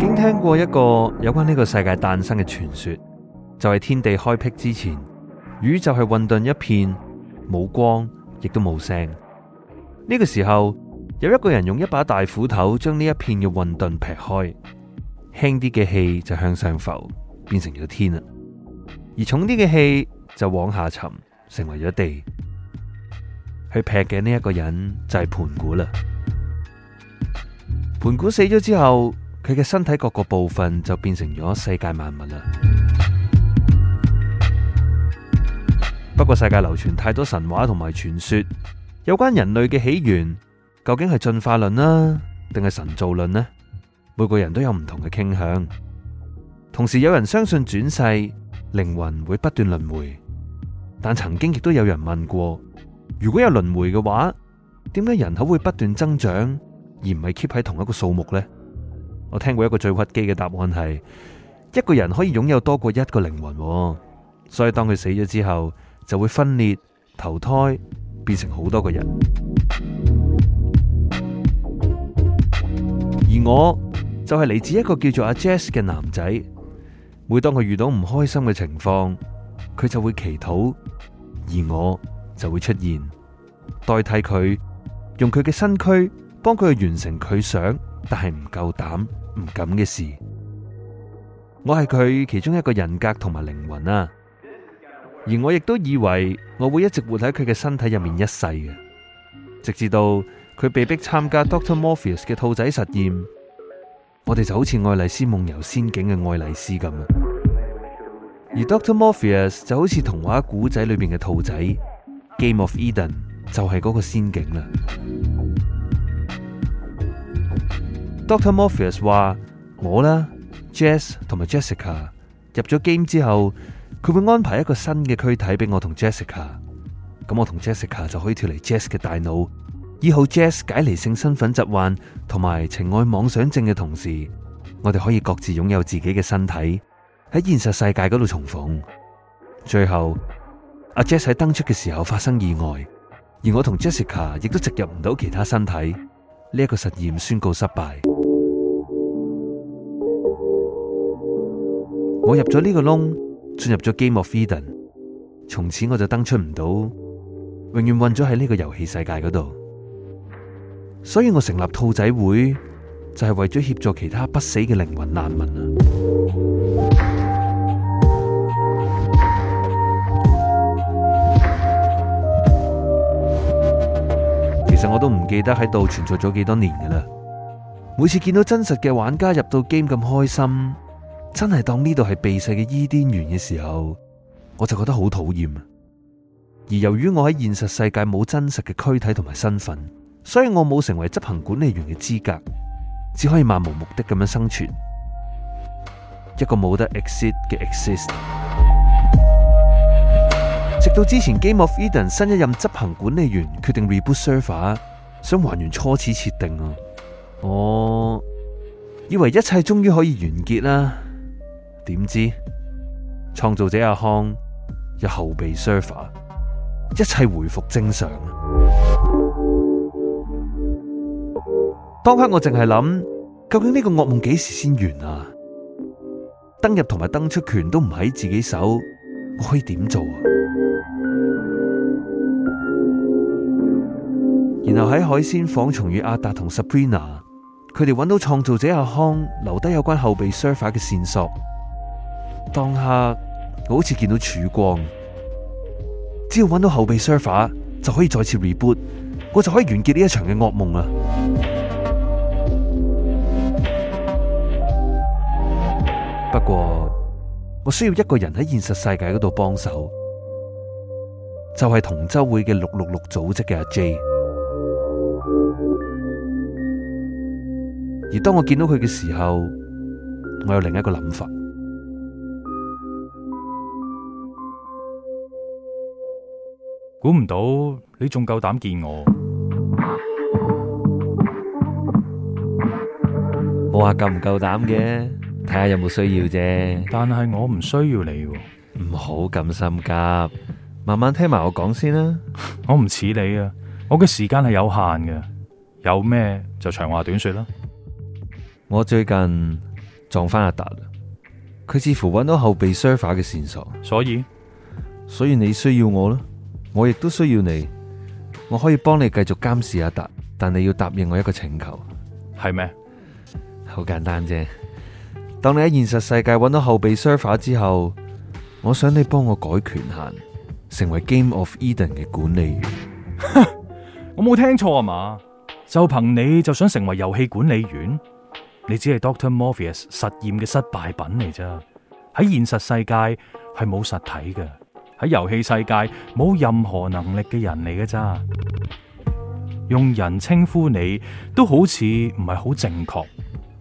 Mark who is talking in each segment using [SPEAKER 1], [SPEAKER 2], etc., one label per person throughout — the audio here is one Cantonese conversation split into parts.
[SPEAKER 1] 經聽過一個有關呢個世界誕生嘅傳說，就係天地開闢之前，宇宙係混沌一片，冇光亦都冇聲。呢個時候，有一個人用一把大斧頭將呢一片嘅混沌劈開，輕啲嘅氣就向上浮，變成咗天啦；而重啲嘅氣就往下沉，成為咗地。去劈嘅呢一個人就係盤古啦。盤古死咗之後，佢嘅身體各個部分就變成咗世界萬物啦。不過世界流傳太多神話同埋傳說，有關人類嘅起源，究竟係進化論啦，定係神造論呢？每個人都有唔同嘅傾向。同時有人相信轉世，靈魂會不斷輪回。但曾經亦都有人問過，如果有輪回嘅話，點解人口會不斷增長，而唔係 keep 喺同一個數目呢？」我聽過一個最屈機嘅答案係，一個人可以擁有多過一個靈魂，所以當佢死咗之後，就會分裂投胎，變成好多個人。而我就係、是、嚟自一個叫做阿 Jess 嘅男仔，每當佢遇到唔開心嘅情況，佢就會祈禱，而我就會出現，代替佢，用佢嘅身軀。幫佢完成佢想但係唔夠膽、唔敢嘅事。我係佢其中一個人格同埋靈魂啊，而我亦都以為我會一直活喺佢嘅身體入面一世嘅，直至到佢被迫參加 Doctor Morpheus 嘅兔仔實驗，我哋就好似愛麗絲夢遊仙境嘅愛麗絲咁啊。而 Doctor Morpheus 就好似童話古仔裏面嘅兔仔，Game of Eden 就係嗰個仙境啦。Dr. Morpheus 話：我啦 Jess 同埋 Jessica 入咗 game 之後，佢會安排一個新嘅軀體俾我同 Jessica。咁我同 Jessica 就可以脫離 Jess 嘅大腦，醫好 Jess 解離性身份疾患同埋情愛妄想症嘅同時，我哋可以各自擁有自己嘅身體喺現實世界嗰度重逢。最後，阿 Jess 喺登出嘅時候發生意外，而我同 Jessica 亦都植入唔到其他身體，呢一個實驗宣告失敗。我入咗呢個窿，進入咗 Game of Eden，從此我就登出唔到，永遠困咗喺呢個遊戲世界嗰度。所以我成立兔仔會，就係為咗協助其他不死嘅靈魂難民啊！其實我都唔記得喺度存在咗幾多年噶啦，每次見到真實嘅玩家入到 Game 咁開心。真係當呢度係避世嘅伊甸園嘅時候，我就覺得好討厭。而由於我喺現實世界冇真實嘅軀體同埋身份，所以我冇成為執行管理員嘅資格，只可以漫無目的咁樣生存。一個冇得 exit 嘅 exist。 直到之前 Game of Eden 新一任執行管理員決定 reboot server，想還原初始設定啊，我以為一切終於可以完結啦。點知創造者阿康有後備 server，一切回復正常。 當刻我淨係諗，究竟呢個噩夢幾時先完啊？登入同埋登出權都唔喺自己手，我可以點做啊？然後喺海鮮坊，重遇阿達同 Sabrina，佢哋搵到創造者阿康留低有關後備 server 嘅線索。當下我好似見到曙光，只要搵到後備 server 就可以再次 reboot，我就可以完結呢一場嘅噩夢啦。 不過我需要一個人喺現實世界嗰度幫手，就係、是，同舟會嘅六六六組織嘅阿 J。而當我見到佢嘅時候，我有另一個諗法。
[SPEAKER 2] 估唔到你仲夠膽見我。冇話夠唔夠膽嘅，睇下有冇需要啫。但係我唔需要你喎。唔好咁心急，慢慢聽埋我講先啦。 我唔似你啊，我嘅時間係有限㗎，有咩就長話短說啦。我最近撞返阿達，
[SPEAKER 1] 佢似乎揾到後備 server 嘅線索，所以，所以你需要我啦。我亦都需要你，我可以幫你繼續監視阿達，但你要答應我一個請求，
[SPEAKER 2] 係咩嗎？
[SPEAKER 1] 好簡單啫。當你喺現實世界揾到後備 server 之後，
[SPEAKER 2] 我想你幫我改權限，成為 Game of Eden 嘅管理員。 我冇聽錯啊嘛？就憑你就想成為遊戲管理員？你只係 Doctor Morpheus 實驗嘅失敗品嚟啫，喺現實世界係冇實體嘅。喺遊戲世界冇任何能力嘅人嚟嘅咋，用人稱呼你都好似唔係好正確，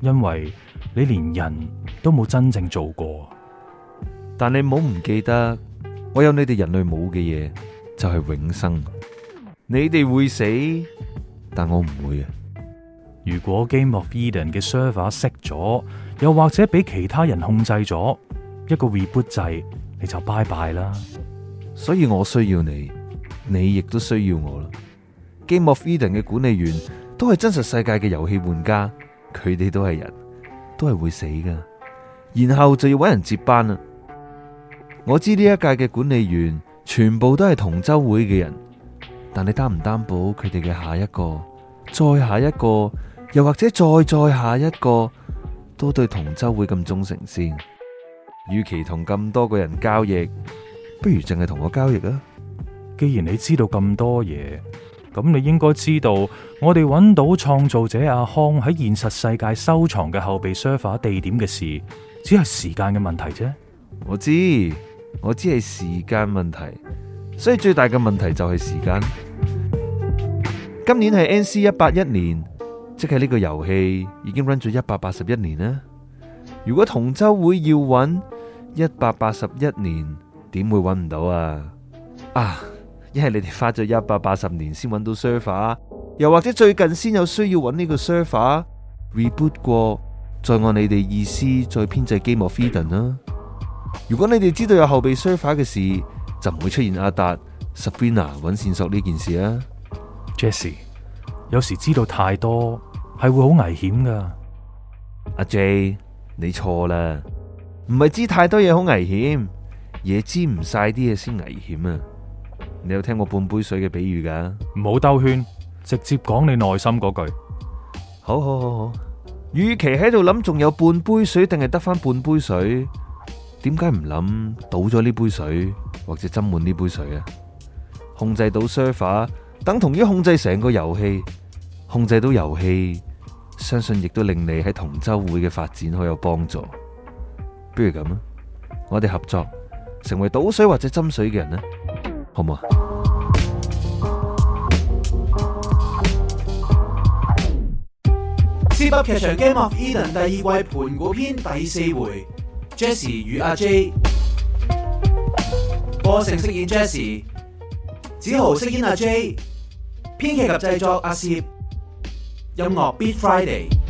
[SPEAKER 2] 因為你連人都冇真正做過。
[SPEAKER 1] 但你唔好唔記得，我有你哋人類冇嘅嘢，就係永生。
[SPEAKER 2] 你哋會死，但我唔會啊！如果 Game of Eden 嘅 server 熄咗，又或者俾其他人控制咗一個 reboot 制，你就拜拜啦。
[SPEAKER 1] 所以我需要你，你亦都需要我啦。Game of Eden 嘅管理員都係真實世界嘅遊戲玩家，佢哋都係人，都係會死噶。然後就要搵人接班啦。我知呢一屆嘅管理員全部都係同舟會嘅人，但你擔唔擔保佢哋嘅下一個、再下一個、又或者再再下一個，都對同舟會咁忠誠先？與其同咁多
[SPEAKER 2] 個人交易，不如淨係同我交易啊！既然你知道咁多嘢，咁你應該知道我哋揾到創造者阿康喺現實世界收藏嘅後備 server 地點嘅事，只係時間嘅問題啫。我知，我知係時間問題，所以最大嘅問題就係時間。
[SPEAKER 1] 今年係 N.C. 一八一年，即係呢個遊戲已經 run 咗一百八十一年啦。如果同舟會要揾一百八十一年？點會揾唔到啊？啊！一係你哋花咗一百八十年先揾到 server，、啊、又或者最近先有需要揾呢個 server，reboot 過，再按你哋意思再編製 Game of Freedom 啦如果你哋知道有後備 server 嘅事，就唔會出現阿達 Sabrina 揾線索呢件事
[SPEAKER 2] 啊。Jessie，有時知道太多係會好危險噶。阿 J，你錯啦，唔係知太多嘢好危險。
[SPEAKER 1] 嘢知唔晒啲嘢先危險啊！你有聽過半杯水嘅比喻㗎？唔好兜圈，直接講你內心嗰句。好好好好，與其喺度諗，仲有半杯水定係得返半杯水？點解唔諗倒咗呢杯水，或者斟滿呢杯水啊？控制到 server，等同於控制成個遊戲。控制到遊戲，相信亦都令你喺同舟會嘅發展好有幫助。不如咁啊，我哋合作。成為倒水或者斟水嘅人呢？好唔好啊？《Zip 噏劇場 Game of Eden》第二季盤古篇第四回，Jessie 與阿 J，波成飾演 Jessie，子豪飾演阿 J，編劇及製作阿攝，音樂 Beat Friday。